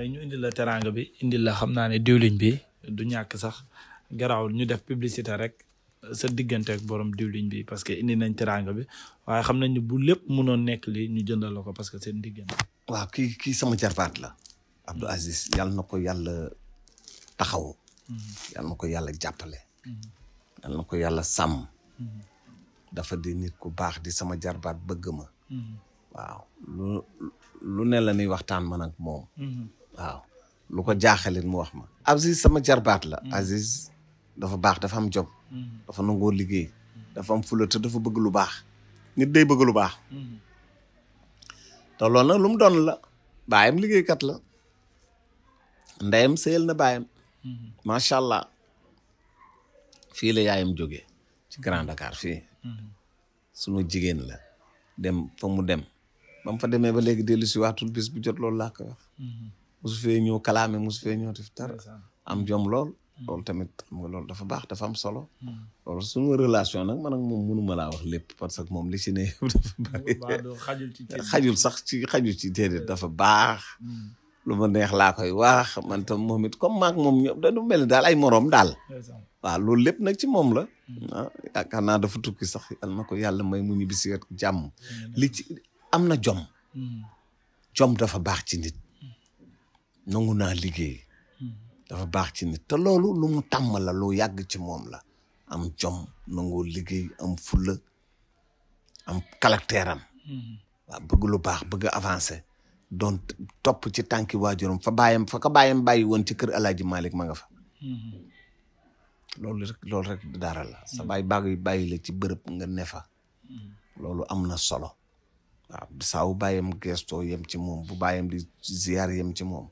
tey ñu indil la teraanga bi indil la xam naa ne diwlin bi du ñàkk sax garaawul ñu def publicité rek sa diggante boroom borom diwlin bi parce que indi nañ teraanga bi waaye xam nañ ne bu lépp mënoon nekk li ñu jëndal la ko parce que seen diggante. waaw kii kii sama jarbaat la. Abdou Aziz yàlla na ko yàlla taxaw. Mm-hmm. yàlla na ko yàlla jàppale. Mm-hmm. yàlla na ko yàlla sàmm. Mm-hmm. dafa di nit ku baax di sama jarbaat bëgg ma. lu lu ne la ñuy waxtaan man ak moom. waaw lu ko jaaxalin mu wax ma Aziz sama jarbaat la mm. Aziz dafa baax dafa am jom mm. dafa nangoo liggéey mm. dafa am dafa bëgg lu baax nit day bëgg lu baax te loolu nag lu mu doon la baayam kat la ndeyam sëyal na baayam macha allah fii la yaayam jógee ci Grand Dakar fii sunu jigéen la dem fa mu dem ba mu fa demee ba léegi dellu si waatul bis bu jot loolu laa mosu fee ñëw kalaame mosu fee ñëw def dara am mm. jom lool mm. loolu tamit xam nga loolu dafa baax dafa am solo mm. loolu suñu relation nag man ak moom mënuma laa wax lépp parce que moom li ci ne dafa baax xajul sax ci xajul ci déedéet dafa baax lu ma neex laa koy wax man tam moom it comme maak moom ñoom dañu mel daal ay moroom daal waaw loolu lépp nag ci moom la ah yaakaar naa dafa tukki sax yal na ko yàlla may mu ñibbisi jàmm li ci am na jom jom dafa baax ci nit nangu naa liggéey dafa baax ci nit te loolu lu mu tàmm la lu yàgg ci moom la am jom nangoo liggéey am fulla am caractère am lu baax bëgg avancé doon topp ci tànki waajuram fa bàyyam fa ko bàyyam bàyyi woon ci kër alaaji Malick ma nga fa loolu rek loolu rek dara la sa bàyyi bàyyi bàyyi la ci bërëb nga ne fa loolu am na solo waaw saa bu bàyyam gestoo yem ci moom bu bàyyam di ziar ci moom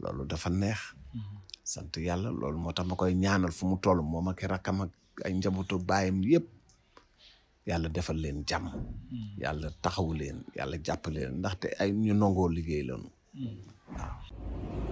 loolu dafa neex. Mm-hmm. sant yàlla loolu moo tax ma koy ñaanal fu mu toll moo ak rakkam ak ay njabootu baayam yëpp. yàlla defal leen jàmm. Mm-hmm. yàlla taxawu leen yàlla jàpp leen ndaxte ay ñu nangoo liggéey lañu. Mm-hmm. waaw.